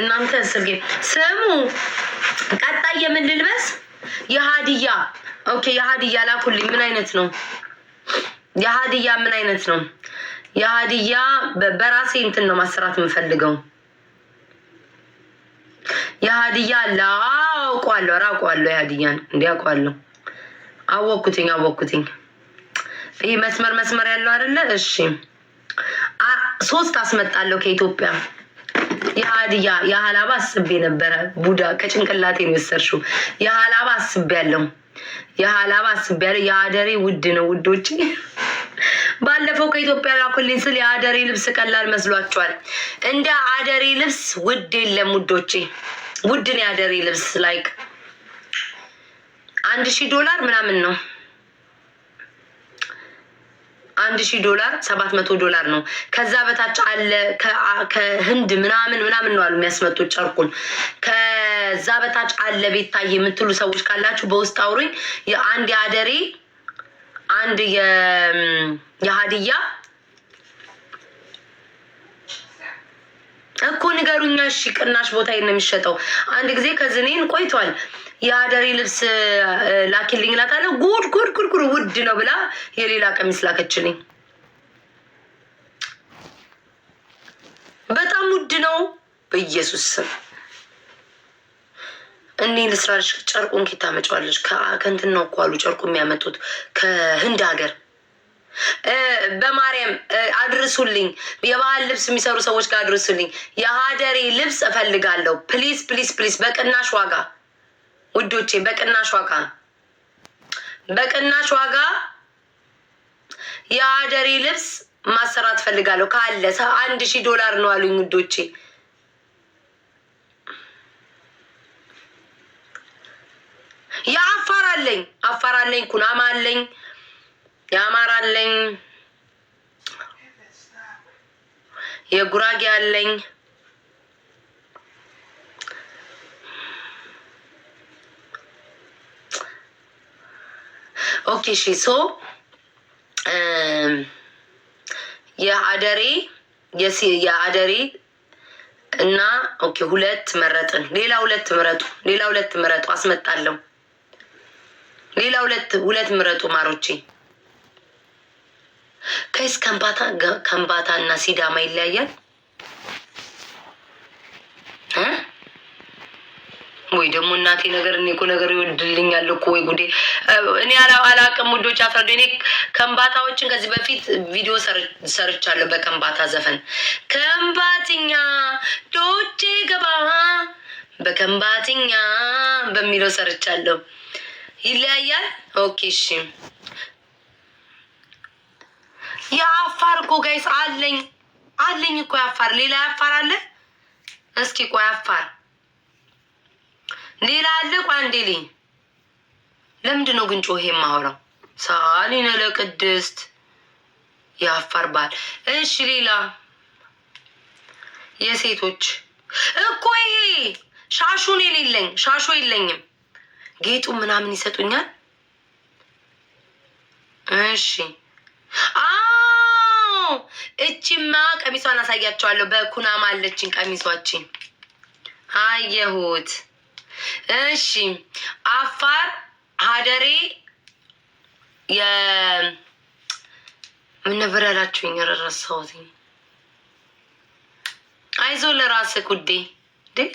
እናንተ ስርጌ ስሙ። ቀጣይ የምን ልልበስ? የሀዲያ ኦኬ። የሀዲያ ላኩልኝ። ምን አይነት ነው የሀዲያ? ምን አይነት ነው የሀዲያ? በራሴ እንትን ነው ማሰራት የምፈልገው የሀዲያ ላውቋለሁ። ኧረ አውቀዋለሁ። የሀዲያን አውቀዋለሁ። አወኩትኝ አወኩትኝ። ይህ መስመር መስመር ያለው አይደለ? እሺ ሶስት አስመጣለሁ ከኢትዮጵያ የሀዲያ የሀላባ አስቤ ነበረ። ቡዳ ከጭንቅላቴ ነው የሰርሽው። የሀላባ አስቤ ያለው የሀላባ አስቤ ያለው የአደሬ ውድ ነው ውዶች። ባለፈው ከኢትዮጵያ ላኩልኝ ስል የአደሬ ልብስ ቀላል መስሏቸዋል። እንደ አደሬ ልብስ ውድ የለም ውዶቼ፣ ውድ የአደሬ ልብስ ላይክ አንድ ሺህ ዶላር ምናምን ነው። አንድ ሺህ ዶላር ሰባት መቶ ዶላር ነው። ከዛ በታች አለ ከህንድ ምናምን ምናምን ነው አሉ የሚያስመጡት ጨርቁን። ከዛ በታች አለ ቤታ የምትሉ ሰዎች ካላችሁ በውስጥ አውሩኝ። የአንድ የአደሬ አንድ የሀዲያ እኮ ንገሩኛ። እሺ ቅናሽ ቦታ ነው የሚሸጠው። አንድ ጊዜ ከዝኔን ቆይቷል የአደሪ ልብስ ላኪልኝ እላታለሁ። ጉድ ጉድ ጉድ ጉድ ውድ ነው ብላ የሌላ ቀሚስ ላከችልኝ። በጣም ውድ ነው። በኢየሱስ ስም እኔ ልስራልሽ። ጨርቁን ኬት ታመጫዋለሽ? ከእንትን ነው እኮ አሉ ጨርቁ የሚያመጡት ከህንድ ሀገር። በማርያም አድርሱልኝ። የባህል ልብስ የሚሰሩ ሰዎች ጋር አድርሱልኝ። የሀደሬ ልብስ እፈልጋለሁ። ፕሊስ ፕሊስ ፕሊስ፣ በቅናሽ ዋጋ ውዶቼ በቅናሽ ዋጋ በቅናሽ ዋጋ የአደሬ ልብስ ማሰራት ፈልጋለሁ ካለ አንድ ሺህ ዶላር ነው አሉኝ ውዶቼ። የአፋር አለኝ አፋር አለኝ ኩናማ አለኝ የአማራ አለኝ የጉራጌ አለኝ ኦኬ ሺ ሶ የአደሬ የአደሬ እና ኦኬ ሁለት መረጥን። ሌላ ሁለት ምረጡ። ሌላ ሁለት ምረጡ። አስመጣለሁ። ሌላ ሁለት ሁለት ምረጡ ማሮቼ። ከይስ ከምባታ ከምባታ እና ሲዳማ ይለያያል። ወይ ደግሞ እናቴ ነገር እኔ እኮ ነገር ይወድልኛል እኮ ወይ ጉዴ። እኔ አላቅም ውዶች፣ አስረዱ። እኔ ከምባታዎችን ከዚህ በፊት ቪዲዮ ሰርቻለሁ በከምባታ ዘፈን። ከምባትኛ ዶቼ ገባ በከምባትኛ በሚለው ሰርቻለሁ። ይለያያል። ኦኬ እሺ። የአፋር እኮ ጋይስ አለኝ አለኝ እኮ የአፋር ሌላ የአፋር አለ። እስኪ ቆይ አፋር ሌላ አለ። ቆይ ለምንድን ነው ግን ጮሄ የማወራው? ሳሊነ ለቅድስት የአፋር ባል። እሺ ሌላ የሴቶች እኮ ይሄ ሻሹን የሌለኝ ሻሹ የለኝም። ጌጡ ምናምን ይሰጡኛል። እሺ አዎ፣ እቺማ ቀሚሷን አሳያቸዋለሁ። በኩናማ አለችኝ ቀሚሷችን አየሁት። እሺ አፋር ሀደሬ ምን ነበር ያላችሁኝ? ረሳሁት። አይዞ ለራስህ ውዴ ዴ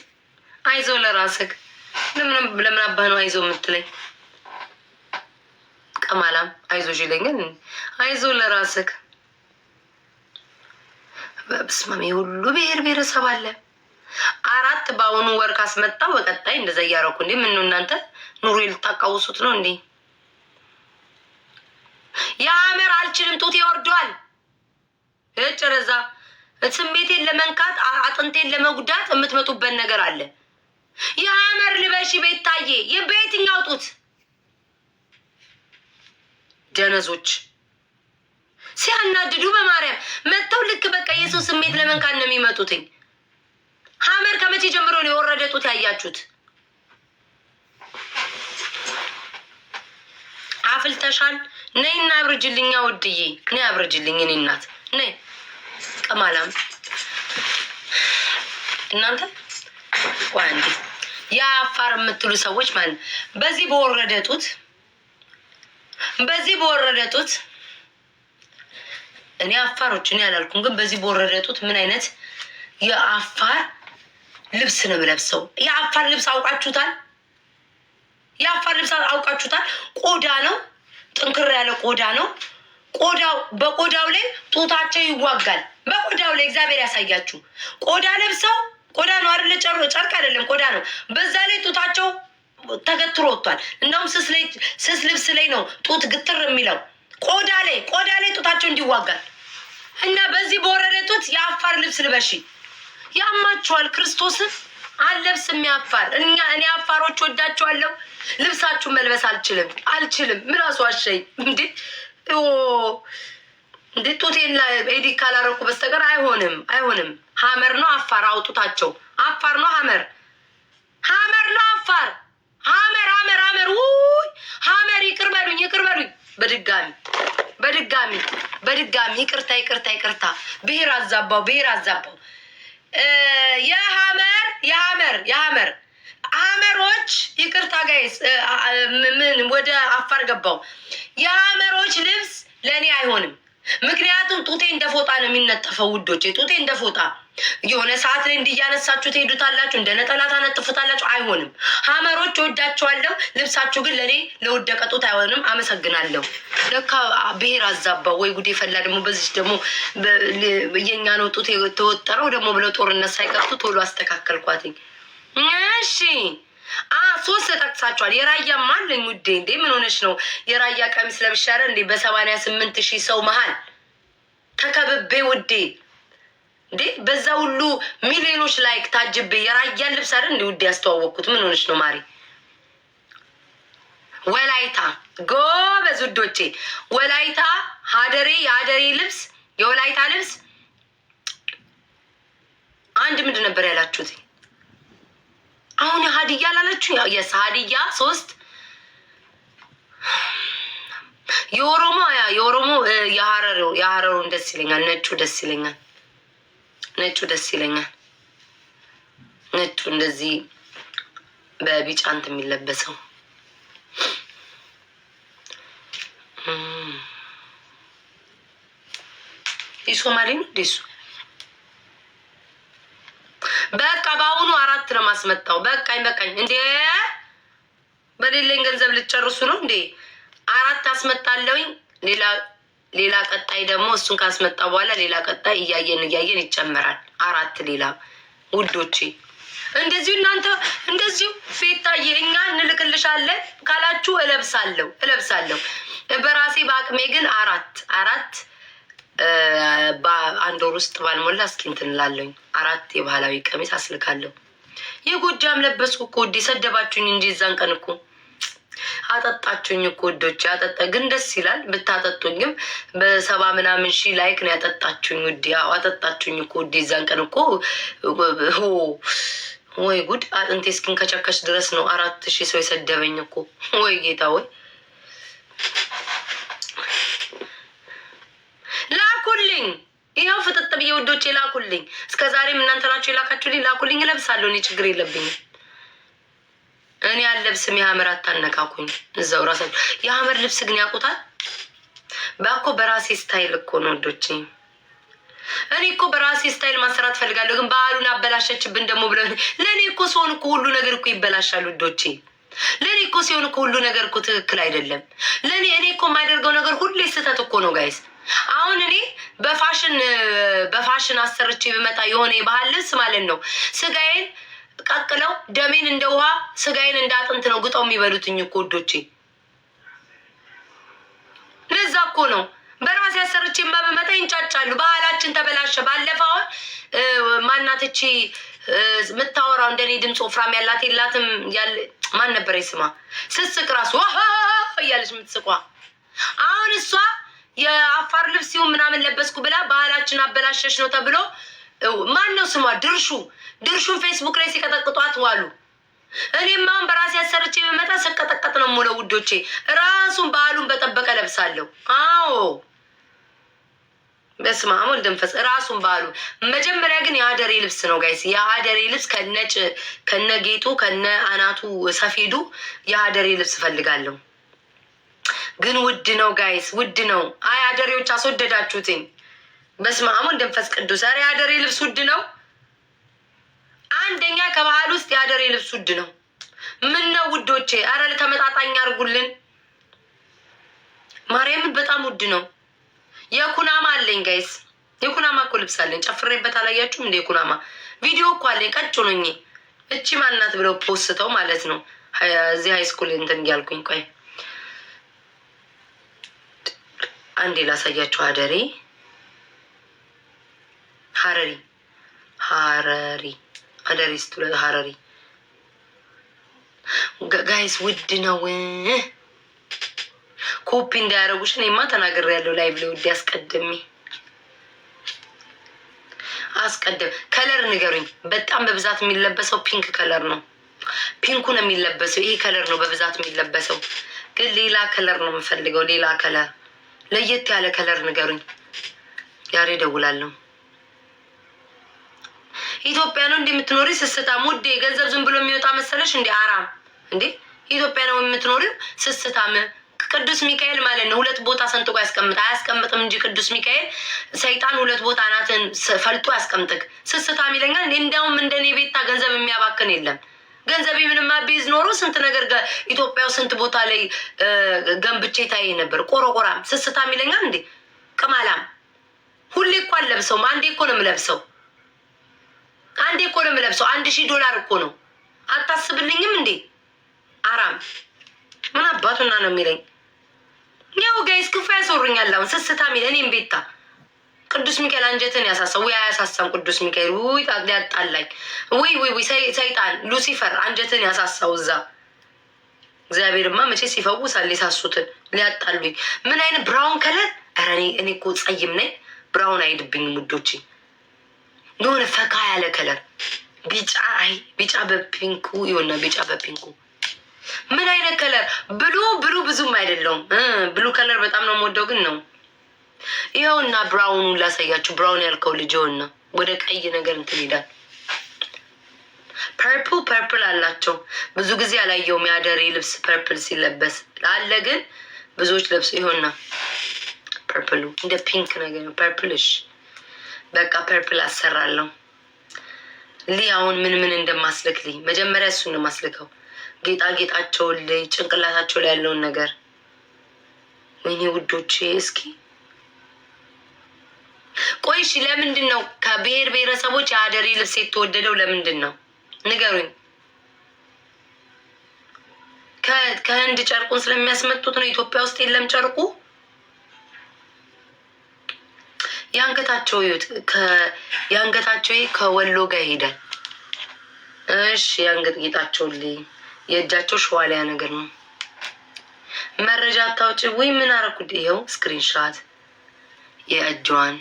አይዞ ለራስህ። ለምን አባህ ነው አይዞ የምትለኝ? ቀማላም አይዞሽ ይለኛል። አይዞ ለራስህ። በስማሜ ሁሉ ብሔር ብሔረሰብ አለ። አራት በአሁኑ ወር ካስመጣ በቀጣይ እንደዛ እያረኩ እንዴ ምን ነው እናንተ ኑሮ ልታቃውሱት ነው እንዴ? የአምር አልችልም፣ ጡት ይወርደዋል። ረዛ ስሜቴን ለመንካት አጥንቴን ለመጉዳት የምትመጡበት ነገር አለ። የአመር ልበሽ ቤታዬ፣ የቤትኛው ጡት ደነዞች ሲያናድዱ በማርያም መጥተው ልክ በቃ የሰው ስሜት ለመንካት ነው የሚመጡትኝ። ሀመር ከመቼ ጀምሮ ነው የወረደ ጡት ያያችሁት? አፍልተሻል። ነይና አብርጅልኛ ውድዬ፣ ነይ አብርጅልኝ። እኔ እናት ነይ ቅማላም እናንተ ዋንዴ የአፋር የምትሉ ሰዎች ማለት በዚህ በወረደ ጡት በዚህ በወረደ ጡት እኔ አፋሮች እኔ አላልኩም፣ ግን በዚህ በወረደ ጡት ምን አይነት የአፋር ልብስ ነው የምለብሰው። የአፋር ልብስ አውቃችሁታል። የአፋር ልብስ አውቃችሁታል። ቆዳ ነው፣ ጥንክር ያለ ቆዳ ነው። ቆዳው በቆዳው ላይ ጡታቸው ይዋጋል። በቆዳው ላይ እግዚአብሔር ያሳያችሁ። ቆዳ ለብሰው ቆዳ ነው አይደለ? ጨርቅ አይደለም ቆዳ ነው። በዛ ላይ ጡታቸው ተገትሮ ወጥቷል። እንደውም ስስ ልብስ ላይ ነው ጡት ግትር የሚለው ቆዳ ላይ ቆዳ ላይ ጡታቸው እንዲዋጋል እና በዚህ በወረደ ጡት የአፋር ልብስ ልበሽኝ ያማችኋል። ክርስቶስን አለብስ የሚያፋር እኛ እኔ አፋሮች ወዳችኋለሁ። ልብሳችሁ መልበስ አልችልም አልችልም። ምላሱ አሸኝ እንዴ እንዴ ጡቴን ኤዲ ካላረኩ በስተቀር አይሆንም አይሆንም። ሀመር ነው አፋር አውጡታቸው። አፋር ነው ሀመር ሀመር ነው አፋር ሀመር ሀመር ሀመር ውይ ሀመር ይቅር በሉኝ ይቅር በሉኝ። በድጋሚ በድጋሚ በድጋሚ ይቅርታ ይቅርታ ይቅርታ። ብሔር አዛባው ብሔር አዛባው የሀመር የሀመር የሀመር ሀመሮች ይቅርታ ጋይስ፣ ምን ወደ አፋር ገባው። የሀመሮች ልብስ ለእኔ አይሆንም። ምክንያቱም ጡቴ እንደ ፎጣ ነው የሚነጠፈው ውዶቼ፣ ጡቴ እንደ ፎጣ የሆነ ሰዓት ላይ እያነሳችሁ ትሄዱታላችሁ፣ እንደ ነጠላ ታነጥፉታላችሁ። አይሆንም። ሀመሮች ወዳቸዋለሁ። ልብሳችሁ ግን ለእኔ ለወደቀ ጡት አይሆንም። አመሰግናለሁ። ለካ ብሔር አዛባ ወይ ጉዴ ፈላ። ደግሞ በዚች ደግሞ የኛ ነው ጡት የተወጠረው ደግሞ ብለው ጦርነት ሳይቀርቱ ቶሎ አስተካከልኳትኝ። እሺ ሶስት ተጠቅሳችኋል። የራያ ማለኝ ውዴ፣ እንዴ ምን ሆነች ነው የራያ ቀሚስ ለብሻረ እንዴ? በሰማንያ ስምንት ሺህ ሰው መሀል ተከብቤ ውዴ፣ እንዴ በዛ ሁሉ ሚሊዮኖች ላይክ ታጅቤ የራያን ልብስ አይደል እንዴ ውዴ ያስተዋወቅኩት? ምን ሆነች ነው ማሪ? ወላይታ ጎበዝ ውዶቼ፣ ወላይታ ሀደሬ፣ የሀደሬ ልብስ፣ የወላይታ ልብስ አንድ ምንድን ነበር ያላችሁት? አሁን የሀዲያ ሀዲያ የስ ሀዲያ ሶስት የኦሮሞ ያ የኦሮሞ የሀረሪው የሀረሩን ደስ ይለኛል። ነጩ ደስ ይለኛል። ነጩ ደስ ይለኛል። ነጩ እንደዚህ በቢጫ እንትን የሚለበሰው የሶማሌ ነው። በቃ በአሁኑ አራት ነው ማስመጣው። በቃኝ በቃኝ። እንዴ በሌለኝ ገንዘብ ልትጨርሱ ነው እንዴ? አራት አስመጣለሁኝ። ሌላ ሌላ ቀጣይ ደግሞ እሱን ካስመጣ በኋላ ሌላ ቀጣይ እያየን እያየን ይጨመራል። አራት ሌላ ውዶቼ እንደዚሁ እናንተ እንደዚሁ ፌታዬ እኛ እንልክልሻለን ካላችሁ እለብሳለሁ እለብሳለሁ። በራሴ በአቅሜ ግን አራት አራት በአንድ ወር ውስጥ ባልሞላ እስኪ እንትን እላለሁኝ። አራት የባህላዊ ቀሚስ አስልካለሁ። የጎጃም ለበስኩ እኮ ውዴ ሰደባችሁኝ እንጂ እዛን ቀን እኮ አጠጣችሁኝ እኮ ወዶች አጠጠ ግን ደስ ይላል ብታጠጡኝም፣ በሰባ ምናምን ሺህ ላይክ ነው ያጠጣችሁኝ ውዴ። አዎ አጠጣችሁኝ እኮ ወዴ እዛን ቀን እኮ ወይ ጉድ አጥንቴ እስኪን ከቸከሽ ድረስ ነው አራት ሺህ ሰው የሰደበኝ እኮ ወይ ጌታ ወይ ላኩልኝ። ይኸው ፍጥጥ ብዬ ውዶቼ ላኩልኝ። እስከ ዛሬም እናንተ ናችሁ የላካችሁልኝ። ላኩልኝ፣ እለብሳለሁ። እኔ ችግር የለብኝም። እኔ አለብስም። የሀመር አታነካኩኝ። እዛው ራሳችሁ የሀመር ልብስ ግን ያውቁታል። በኮ በራሴ ስታይል እኮ ነው ወዶች። እኔ እኮ በራሴ ስታይል ማሰራት ፈልጋለሁ፣ ግን በዓሉን አበላሸችብን ደግሞ ብለ ለእኔ እኮ ሰሆን እኮ ሁሉ ነገር እኮ ይበላሻል ውዶቼ። ለእኔ እኮ ሲሆን እኮ ሁሉ ነገር እኮ ትክክል አይደለም። ለእኔ እኔ እኮ የማያደርገው ነገር ሁሌ ስህተት እኮ ነው ጋይስ። አሁን እኔ በፋሽን በፋሽን አሰርቼ ብመጣ የሆነ የባህል ልብስ ማለት ነው ስጋዬን ቀቅለው ደሜን እንደ ውሃ ስጋዬን እንደ አጥንት ነው ግጠው የሚበሉትኝ እኮ ወዶቼ። ለዛ እኮ ነው በራሴ አሰርቼ ማ ይንጫጫሉ። ባህላችን ተበላሸ። ባለፈውን ማናትቼ የምታወራው እንደኔ ድምፅ ወፍራም ያላት የላትም። ማን ነበር ስማ ስስቅ ራሱ እያለች የምትስቋ አሁን እሷ የአፋር ልብስ ሲሆን ምናምን ለበስኩ ብላ ባህላችን አበላሸች ነው ተብሎ ማን ነው ስሟ ድርሹ ድርሹን ፌስቡክ ላይ ሲቀጠቅጧት ዋሉ። እኔም አሁን በራሴ አሰርቼ በመጣ ስቀጠቀጥ ነው ሙለው ውዶቼ። ራሱን ባህሉን በጠበቀ ለብሳለሁ። አዎ በስመ አብ ወልድ መንፈስ ራሱን ባሉ። መጀመሪያ ግን የአደሬ ልብስ ነው ጋይስ፣ የአደሬ ልብስ ከነጭ ከነ ጌጡ ከነ አናቱ ሰፌዱ የአደሬ ልብስ እፈልጋለሁ። ግን ውድ ነው ጋይስ፣ ውድ ነው። አይ አደሬዎች አስወደዳችሁትኝ። በስመ አብ ወልድ መንፈስ ቅዱስ። ኧረ የአደሬ ልብስ ውድ ነው። አንደኛ ከባህል ውስጥ የአደሬ ልብስ ውድ ነው። ምን ነው ውዶቼ፣ አረ ተመጣጣኝ አድርጉልን። ማርያምን በጣም ውድ ነው። የኩናማ አለኝ ጋይስ፣ የኩናማ እኮ ልብስ አለኝ። ጨፍሬበት አላያችሁም እንደ የኩናማ ቪዲዮ እኮ አለኝ። ቀጭ ነኝ እቺ ማናት ብለው ፖስተው ማለት ነው። እዚህ ሃይስኩል እንትን እያልኩኝ ቆይ አንዴ ላሳያችሁ። አደሬ ሀረሪ ሀረሪ አደሬ ስትለ ሀረሪ ጋይስ ውድ ነው። ኮፒ እንዳያደረጉሽ እኔማ ያለው ላይ ብለው አስቀድሚ አስቀድም ከለር ንገሩኝ። በጣም በብዛት የሚለበሰው ፒንክ ከለር ነው። ፒንኩ ነው የሚለበሰው። ይሄ ከለር ነው በብዛት የሚለበሰው፣ ግን ሌላ ከለር ነው የምፈልገው። ሌላ ከለር፣ ለየት ያለ ከለር ንገሩኝ። ያሬ እደውላለሁ። ኢትዮጵያ ነው እንደ የምትኖሪ ስስታም ውዴ፣ ገንዘብ ዝም ብሎ የሚወጣ መሰለሽ እንዲ አራም እንዴ! ኢትዮጵያ ነው የምትኖሪው ስስታም ቅዱስ ሚካኤል ማለት ነው። ሁለት ቦታ ሰንጥቆ ያስቀምጥ አያስቀምጥም እንጂ ቅዱስ ሚካኤል ሰይጣን ሁለት ቦታ ናትን ፈልጦ ያስቀምጥክ። ስስታም ይለኛል። እንዲያውም እንደኔ ቤታ ገንዘብ የሚያባክን የለም። ገንዘብ ምንማ ቢዝ ኖሮ ስንት ነገር ኢትዮጵያው ስንት ቦታ ላይ ገንብቼ ታይ ነበር። ቆረቆራም ስስታም ይለኛል። እንዴ ቅማላም ሁሌ እኮ አለብሰውም። አንዴ እኮ ነው የምለብሰው። አንዴ እኮ ነው የምለብሰው። አንድ ሺህ ዶላር እኮ ነው። አታስብልኝም እንዴ አራም ምን አባቱና ነው የሚለኝ? ያው ጋይስ ክፉ ያሰሩኛል። አሁን ስስታ ሚል እኔም ቤታ ቅዱስ ሚካኤል አንጀትን ያሳሳ ወይ አያሳሳም? ቅዱስ ሚካኤል ውይ ያጣላኝ ወይ ወይ ወይ ሰይጣን ሉሲፈር አንጀትን ያሳሳው እዛ እግዚአብሔርማ መቼ ሲፈውሳል ሊሳሱትን ሊያጣሉኝ። ምን አይነት ብራውን ከለር ረ እኔ እኮ ጸይም ነኝ። ብራውን አይድብኝ ውዶች፣ የሆነ ፈካ ያለ ከለር ቢጫ አይ ቢጫ በፒንኩ ይሆና ቢጫ በፒንኩ ምን አይነት ከለር ብሉ ብሉ ብዙም አይደለውም። ብሉ ከለር በጣም ነው የምወደው ግን ነው። ይኸውና ብራውኑን ላሳያችሁ። ብራውን ያልከው ልጅ ይኸውና ወደ ቀይ ነገር እንትን ይላል። ፐርፕል ፐርፕል አላቸው። ብዙ ጊዜ አላየውም የአደሬ ልብስ ፐርፕል ሲለበስ አለ፣ ግን ብዙዎች ለብሶ ይሆና ፐርፕሉ እንደ ፒንክ ነገር ነው። ፐርፕልሽ በቃ ፐርፕል አሰራለሁ። ሊ አሁን ምን ምን እንደማስልክ ልይ። መጀመሪያ እሱ እንደማስልከው ጌጣጌጣቸው ላይ ጭንቅላታቸው ላይ ያለውን ነገር ወይኔ ውዶች፣ እስኪ ቆይ እሺ፣ ለምንድን ነው ከብሔር ብሔረሰቦች የአደሬ ልብስ የተወደደው? ለምንድን ነው ንገሩኝ። ከህንድ ጨርቁን ስለሚያስመጡት ነው? ኢትዮጵያ ውስጥ የለም ጨርቁ። የአንገታቸው የአንገታቸው ከወሎ ጋር ይሄዳል። እሺ የአንገት ጌጣቸውን የእጃቸው ሸዋሊያ ነገር ነው። መረጃ አታውጭ ወይ ምን አረኩት? ይኸው ስክሪንሻት የእጇን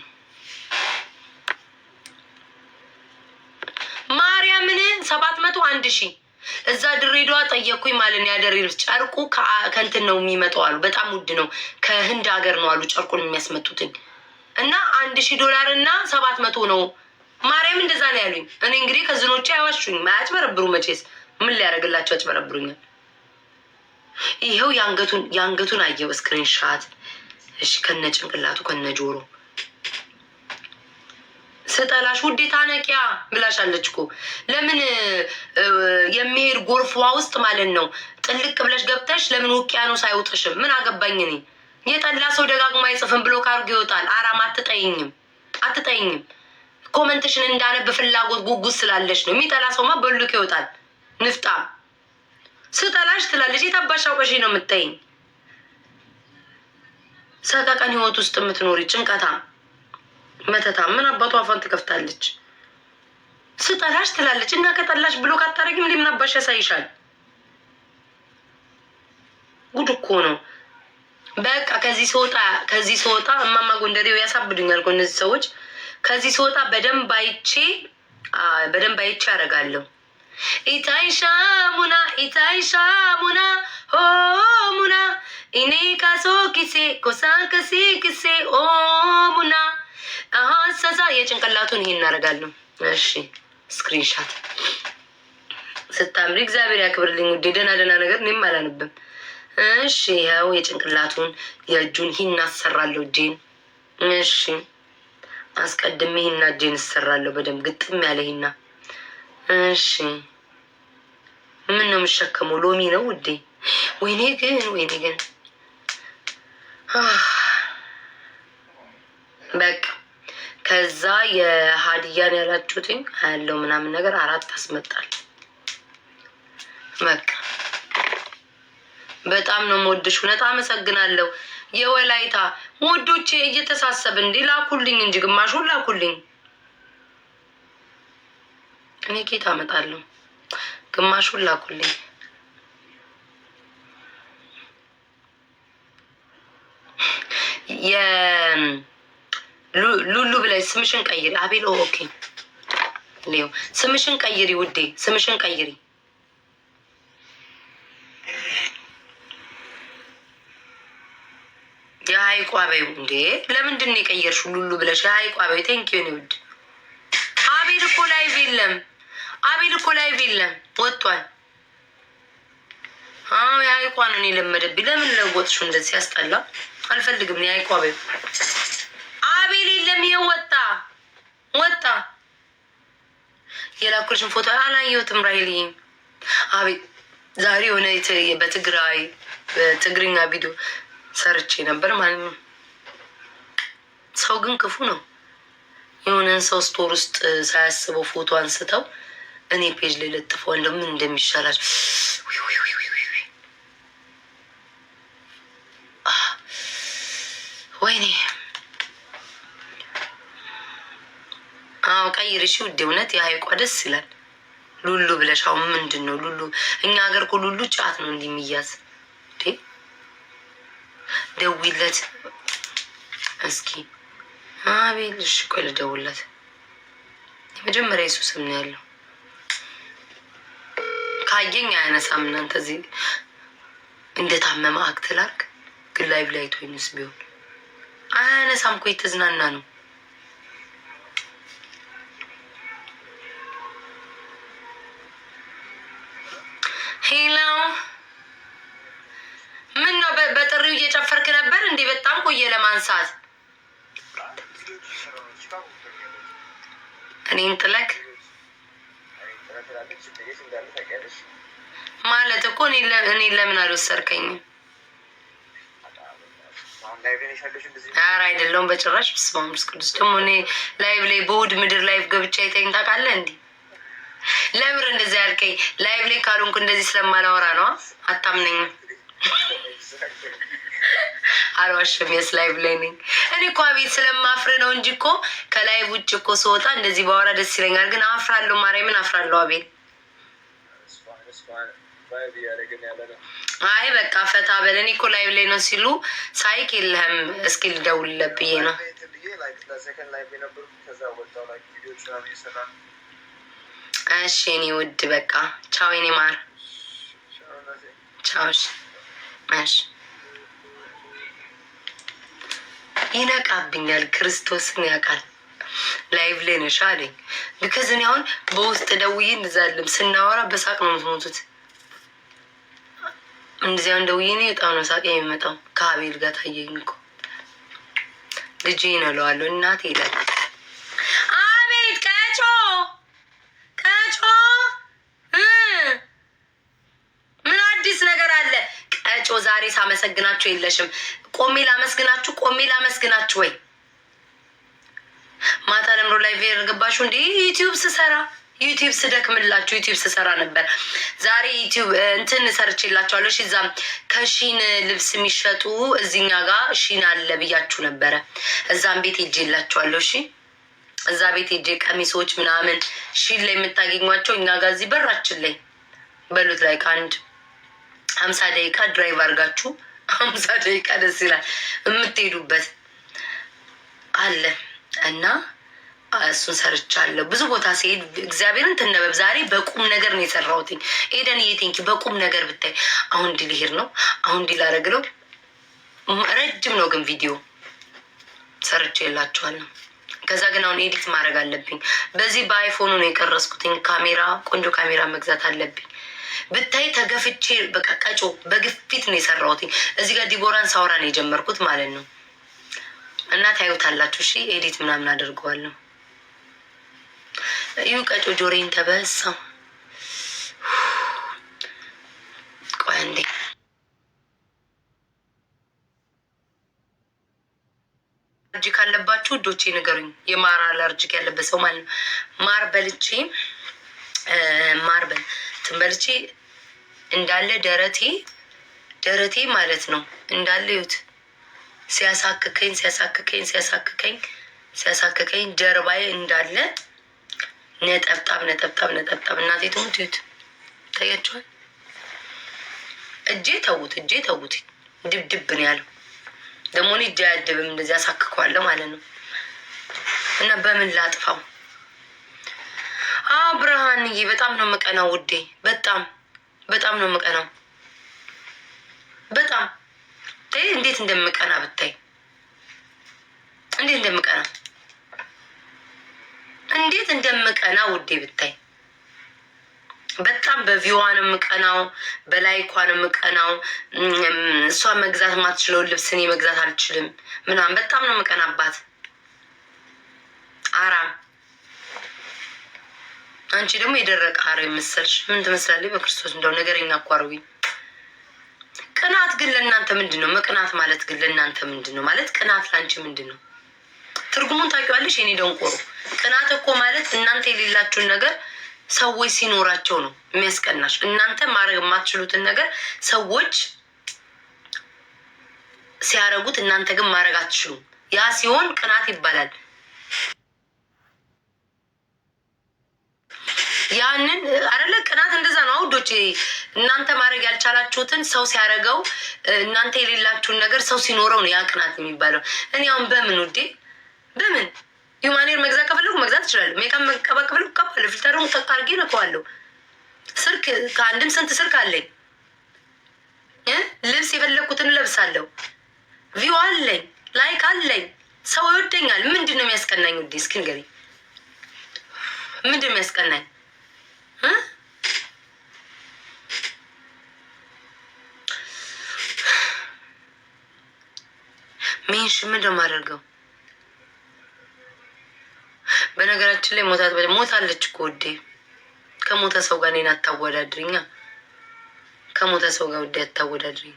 ማርያምን ሰባት መቶ አንድ ሺ እዛ ድሬዳዋ ጠየቅኩኝ ማለት ነው። ያደሬ ጨርቁ ከእንትን ነው የሚመጣው አሉ። በጣም ውድ ነው፣ ከህንድ ሀገር ነው አሉ ጨርቁን የሚያስመጡትኝ እና አንድ ሺህ ዶላር እና ሰባት መቶ ነው ማርያም እንደዛ ነው ያሉኝ። እኔ እንግዲህ ከዝኖቼ አይዋሹኝ፣ አያጭበረብሩ መቼስ ምን ሊያደርግላቸው ያጭበረብሩኛል? ይኸው የአንገቱን የአንገቱን አየው ስክሪንሻት። እሺ ከነ ጭንቅላቱ ከነ ጆሮ ስጠላሽ ነቂያ ታነቂያ ብላሻለች እኮ ለምን የሚሄድ ጎርፏ ውስጥ ማለት ነው። ጥልቅ ብለሽ ገብተሽ ለምን ውቅያኖስ አይውጥሽም? ምን አገባኝ እኔ። የጠላ ሰው ደጋግሞ አይጽፍም ብሎ ካርጎ ይወጣል። አራም አትጠይኝም፣ አትጠይኝም። ኮመንትሽን እንዳነብ ፍላጎት ጉጉት ስላለሽ ነው። የሚጠላ ሰውማ በሉክ ይወጣል። ንፍጣ ስጠላሽ ትላለች። የታባሽ አውቀሽ ነው የምታይኝ? ሰቀቀን ህይወት ውስጥ የምትኖሪ ጭንቀታ መተታም ምን አባቱ አፏን ትከፍታለች? ስጠላሽ ትላለች እና ከጠላሽ ብሎ ካታረግ ምን አባሽ ያሳይሻል? ጉድ እኮ ነው። በቃ ከዚህ ስወጣ ከዚህ ስወጣ እማማ ጎንደሬው ያሳብዱኛል እኮ እነዚህ ሰዎች። ከዚህ ስወጣ በደንብ አይቼ በደንብ አይቼ አደርጋለሁ። itaishamuna itaishamuna homuna ኢኔካሶኪሴ ካሶ ኪሴ ኦሙና አሀ ሰዛ የጭንቅላቱን ይሄን እናደርጋለሁ። እሺ ስክሪንሻት ስታምሪ እግዚአብሔር ያክብርልኝ ውዴ። ደህና ደህና ነገር እኔም አላነበም እሺ ያው የጭንቅላቱን የእጁን ይሄን እናሰራለሁ እጄን። እሺ አስቀድሜ ይሄና እጄን እሰራለሁ በደንብ ግጥም ያለ ይሄና እሺ ምን ነው የምሸከመው? ሎሚ ነው ውዴ። ወይኔ ግን ወይኔ ግን በቃ ከዛ የሀዲያን ያላችሁትኝ ያለው ምናምን ነገር አራት አስመጣል። በቃ በጣም ነው የምወድሽ። እውነት አመሰግናለሁ። የወላይታ ወዶቼ እየተሳሰብ እንዲ ላኩልኝ እንጂ ግማሹን ላኩልኝ። እኔ ኬት አመጣለሁ? ግማሹን ላኩልኝ። ሉሉ ብለሽ ስምሽን ቀይሪ። አቤል ኦኬ፣ ስምሽን ቀይሪ ውዴ፣ ስምሽን ቀይሪ። የሀይቁ አበይ እንዴ! ለምንድን ነው የቀየርሽው? ሉሉ ብለሽ የሀይቁ አበይ። ቴንኪዩ እኔ ውድ አቤል እኮ ላይቭ የለም። አቤል እኮ ላይቭ የለም ወጥቷል። አዎ የአይቋ ነው ለመደብኝ። ለምን ለወጥሽው? እንደዚህ ያስጠላ። አልፈልግም የአይቋ ቤ አቤል የለም። ይሄ ወጣ ወጣ። የላኩልሽን ፎቶ አላየሁትም ራይል። አቤት ዛሬ የሆነ በትግራይ በትግርኛ ቪዲዮ ሰርቼ ነበር ማለት ነው። ሰው ግን ክፉ ነው። የሆነን ሰው ስቶር ውስጥ ሳያስበው ፎቶ አንስተው እኔ ፔጅ ላይ ለጥፈዋለሁ። ምን እንደሚሻላል። ወይኔ ቀይር ሺ ውድ እውነት የሀይቋ ደስ ይላል። ሉሉ ብለሽ አሁን ምንድን ነው ሉሉ? እኛ ሀገር እኮ ሉሉ ጫት ነው እንዲሚያዝ ደዊለት እስኪ አቤልሽ፣ ቆይ ልደውልለት። የመጀመሪያ የሱ ስም ነው ያለው ካየኝ አያነሳም። እናንተ እዚህ እንደታመመ አክት ላርግ ግን ላይቭ ላይ ቶይንስ ቢሆን አያነሳም እኮ የተዝናና ነው። ሄላው ምን ነው በጥሪው እየጨፈርክ ነበር እንዴ? በጣም ቆየ ለማንሳት እኔን ጥለክ ማለት እኮ እኔ ለምን አልወሰድከኝም? ኧረ አይደለሁም በጭራሽ። በስመ አብ ቅዱስ ደግሞ እኔ ላይቭ ላይ በእሑድ ምድር ላይቭ ገብቼ አይተኸኝ ታውቃለህ? እንዲህ ለምር እንደዚህ ያልከኝ ላይቭ ላይ ካልሆንኩ እንደዚህ ስለማላወራ ነዋ። አታምነኝም አልዋሽም። የስ ላይቭ ላይ ነኝ እኔ እኮ አቤት ስለማፍር ነው እንጂ እኮ ከላይቭ ውጭ እኮ ስወጣ እንደዚህ በኋላ ደስ ይለኛል፣ ግን አፍራለሁ። ማርያምን አፍራለሁ። አቤት አይ በቃ ፈታ በል። እኔ እኮ ላይቭ ላይ ነው ሲሉ ሳይክ የለህም እስኪ ልደውልለት ብዬ ነው እሺ የኔ ውድ በቃ ቻው፣ የኔ ማር ቻው። እሺ ይነቃብኛል። ክርስቶስን ያውቃል። ላይቭ ላይ ነሽ አለኝ። ቢከዝ እኔ አሁን በውስጥ ደውዬ እንዛለም ስናወራ በሳቅ ነው የምትሞቱት። እንደዚያ ደውዬ እኔ በጣም ነው ሳቅ የሚመጣው። ከአቤል ጋር ታየኝ እኮ ልጄ እለዋለሁ እናቴ ይላል። አቤት ቀጮ ቀጮ መጮ ዛሬ ሳመሰግናችሁ የለሽም። ቆሜ ላመስግናችሁ፣ ቆሜ ላመስግናችሁ ወይ ማታ ለምሮ ላይ ቬር ገባችሁ እንዴ? ዩቲዩብ ስሰራ ዩቲዩብ ስደክምላችሁ ዩቲዩብ ስሰራ ነበር። ዛሬ ዩቲዩብ እንትን ሰርቼላችኋለሁ። እሺ እዛም ከሺን ልብስ የሚሸጡ እዚኛ ጋር ሺን አለ ብያችሁ ነበረ። እዛም ቤት ሄጄ የላችኋለሁ። እሺ እዛ ቤት ሄጄ ቀሚሶች ምናምን ሺን ላይ የምታገኟቸው እኛ ጋር እዚህ በራችን ላይ በሉት ላይ ከአንድ ሀምሳ ደቂቃ ድራይቭ አድርጋችሁ ሀምሳ ደቂቃ ደስ ይላል የምትሄዱበት አለ እና እሱን ሰርቻለሁ። ብዙ ቦታ ሲሄድ እግዚአብሔርን ትነበብ። ዛሬ በቁም ነገር ነው የሰራሁት። ኤደን የቴንኪ በቁም ነገር ብታይ አሁን እንዲህ ልሄድ ነው፣ አሁን እንዲህ ላደርግ ነው። ረጅም ነው ግን ቪዲዮ ሰርቼ የላችኋለሁ። ከዛ ግን አሁን ኤዲት ማድረግ አለብኝ። በዚህ በአይፎኑ ነው የቀረስኩትኝ። ካሜራ ቆንጆ ካሜራ መግዛት አለብኝ። ብታይ ተገፍቼ በቀቀጮ በግፊት ነው የሰራሁት። እዚህ ጋር ዲቦራን ሳውራ ነው የጀመርኩት ማለት ነው። እና ታዩታላችሁ። እሺ ኤዲት ምናምን አድርገዋለሁ። እዩ ቀጮ ጆሬን ተበሳው። ቆይ እንዴ አለርጂ ካለባችሁ ዶቼ ንገሩኝ። የማር አለርጂ ያለበት ሰው ማለት ነው። ማር በልቼ ማርበል ትንበልቼ እንዳለ ደረቴ ደረቴ ማለት ነው እንዳለ ዩት ሲያሳክከኝ ሲያሳክከኝ ሲያሳክከኝ ሲያሳክከኝ ጀርባዬ እንዳለ ነጠብጣብ ነጠብጣብ ነጠብጣብ እናቴ ትሙት ይሁት ታያችኋል። እጄ ተዉት እጄ ተዉት ድብድብ ነው ያለው። ደግሞ እኔ እጄ አያድብም እንደዚህ ያሳክከዋለሁ ማለት ነው እና በምን ላጥፋው? አብርሃንዬ በጣም ነው የምቀናው ውዴ። በጣም በጣም ነው የምቀናው። በጣም እንዴት እንደምቀና ብታይ፣ እንዴት እንደምቀና እንዴት እንደምቀና ውዴ ብታይ። በጣም በቪዋን የምቀናው፣ በላይኳን የምቀናው። እሷ መግዛት የማትችለውን ልብስ እኔ መግዛት አልችልም ምናምን። በጣም ነው የምቀናባት አራም አንቺ ደግሞ የደረቀ አረ መሰልሽ። ምን ትመስላለች በክርስቶስ እንደው ነገረኛ እኮ ቅናት ግን ለእናንተ ምንድን ነው? መቅናት ማለት ግን ለእናንተ ምንድን ነው? ማለት ቅናት ለአንቺ ምንድን ነው? ትርጉሙን ታውቂዋለሽ የኔ ደንቆሮ። ቅናት እኮ ማለት እናንተ የሌላችሁን ነገር ሰዎች ሲኖራቸው ነው የሚያስቀናሽ። እናንተ ማድረግ የማትችሉትን ነገር ሰዎች ሲያረጉት እናንተ ግን ማድረግ አትችሉም። ያ ሲሆን ቅናት ይባላል። ያንን አደለ ቅናት እንደዛ ነው አውዶች። እናንተ ማድረግ ያልቻላችሁትን ሰው ሲያደርገው እናንተ የሌላችሁን ነገር ሰው ሲኖረው ነው ያ ቅናት የሚባለው። እኔ አሁን በምን ውዴ በምን ዩማኔር መግዛት ከፈለጉ መግዛት ይችላሉ። ሜካ መቀባ ከፈለጉ እቀባለሁ። ፊልተሩን ጠቅ አድርጌ እለከዋለሁ። ስልክ ከአንድም ስንት ስልክ አለኝ። ልብስ የፈለግኩትን ለብሳለሁ። ቪው አለኝ፣ ላይክ አለኝ፣ ሰው ይወደኛል። ምንድን ነው የሚያስቀናኝ? ውዴ እስኪ ንገሪኝ፣ ምንድን ነው የሚያስቀናኝ? ሚንሽ ምን ነው የማደርገው? በነገራችን ላይ ሞታት ሞታለች እኮ ውዴ። ከሞተ ሰው ጋር እኔን አታወዳድሪኛ። ከሞተ ሰው ጋር ውዴ አታወዳድርኝ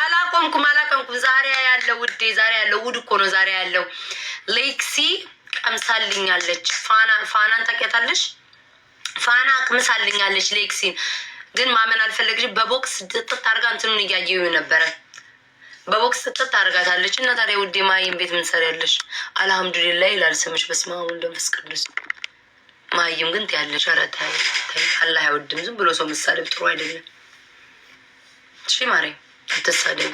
አላቆምኩም አላቆምኩም። ዛሬ ያለው ውዴ ዛሬ ያለው ውድ እኮ ነው ዛሬ ያለው ሌክሲ ቀምሳልኛለች። ፋናን ታውቂያታለሽ? ፋና ቅምሳልኛለች ሌክሲን ግን ማመን አልፈለግሽ። በቦክስ ጥጥ አርጋ እንትኑን እያየው ነበረ። በቦክስ ጥጥ አርጋታለች። እና ታዲያ ውዴ ማይን ቤት ምን ሰሪያለሽ? አልሐምዱሊላ ይላል ስምሽ። በስመ አብ ወወልድ ወመንፈስ ቅዱስ። ማይም ግን ትያለሽ። ኧረ ተይ ተይ፣ አላህ አይወድም። ዝም ብሎ ሰው መሳደብ ጥሩ አይደለም። እሺ ማሬ አትሳደቢ።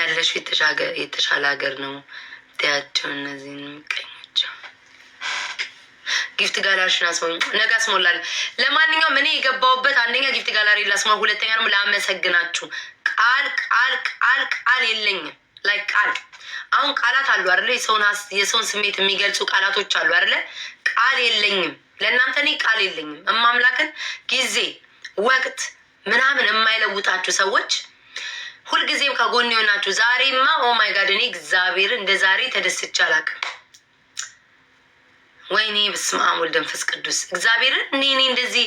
ያለሽ የተሻለ ሀገር ነው ትያቸው። እነዚህን ምቀኛቸው ጊፍት ጋላሪሽን አስሞኝ ነገ አስሞላል። ለማንኛውም እኔ የገባውበት አንደኛ ጊፍት ጋላሪ ላስሞላ፣ ሁለተኛ ደግሞ ላመሰግናችሁ። ቃል ቃል ቃል ቃል የለኝም ላይ ቃል አሁን ቃላት አሉ አይደለ? የሰውን ስሜት የሚገልጹ ቃላቶች አሉ አይደለ? ቃል የለኝም ለእናንተ እኔ ቃል የለኝም። እማምላክን ጊዜ ወቅት ምናምን የማይለውጣችሁ ሰዎች ሁልጊዜም ከጎን የሆናችሁ ዛሬማ፣ ኦ ማይ ጋድ እኔ እግዚአብሔር እንደ ዛሬ ተደስቼ አላውቅም። ወይኔ በስመ አብ ወልድ መንፈስ ቅዱስ እግዚአብሔርን እኔ እኔ እንደዚህ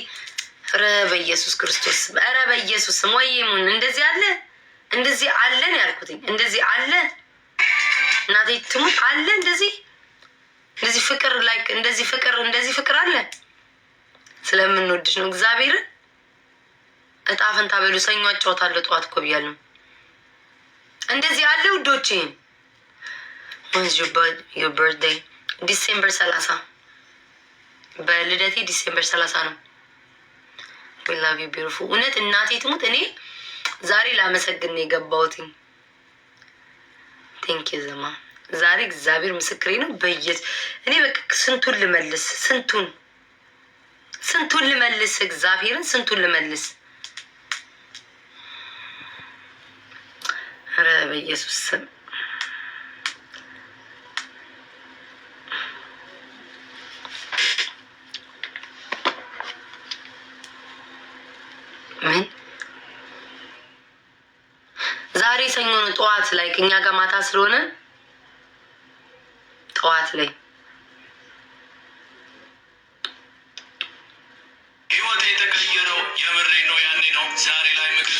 ረ በኢየሱስ ክርስቶስ ረ በኢየሱስ ስም ወይ ሙን እንደዚህ አለ እንደዚህ አለን ያልኩትኝ። እንደዚህ አለ እናቴ ትሙት አለ እንደዚህ እንደዚህ ፍቅር ላይ እንደዚህ ፍቅር እንደዚህ ፍቅር አለ። ስለምንወድሽ ነው እግዚአብሔርን እጣ ፈንታ በሉ። ሰኞ አጫውታለሁ ጠዋት እኮ ብያለሁ። እንደዚህ ያለ ውዶቼ ዩር ዲሴምበር ሰላሳ በልደቴ ዲሴምበር ሰላሳ ነው። ላቪ ቢሩፉ እውነት እናቴ ትሙት እኔ ዛሬ ላመሰግን የገባሁትኝ ቴንክ ዘማ ዛሬ እግዚአብሔር ምስክሬ ነው። በየት እኔ በቃ ስንቱን ልመልስ ስንቱን ስንቱን ልመልስ እግዚአብሔርን ስንቱን ልመልስ ኧረ በኢየሱስ ስም ዛሬ ሰኞ ነው ጠዋት ላይ ከኛ ጋር ማታ ስለሆነ ጠዋት ላይ ህይወት የተቀየረው የምሬ ነው ያኔ ነው ዛሬ ላይ ምክር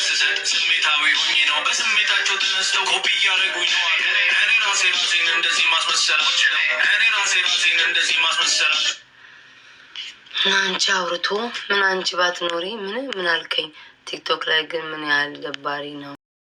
ስሜታዊ ሁኝ ነው። በስሜታቸው ተነስተው ኮፒ እያደረጉኝ ነው አሉ። እኔ ራሴ ራሴን እንደዚህ ማስመሰላቸው እኔ ራሴ ራሴን እንደዚህ ማስመሰላቸው አውርቶ ምናንቺ ባትኖሪ ምን ምን አልከኝ። ቲክቶክ ላይ ግን ምን ያህል ደባሪ ነው።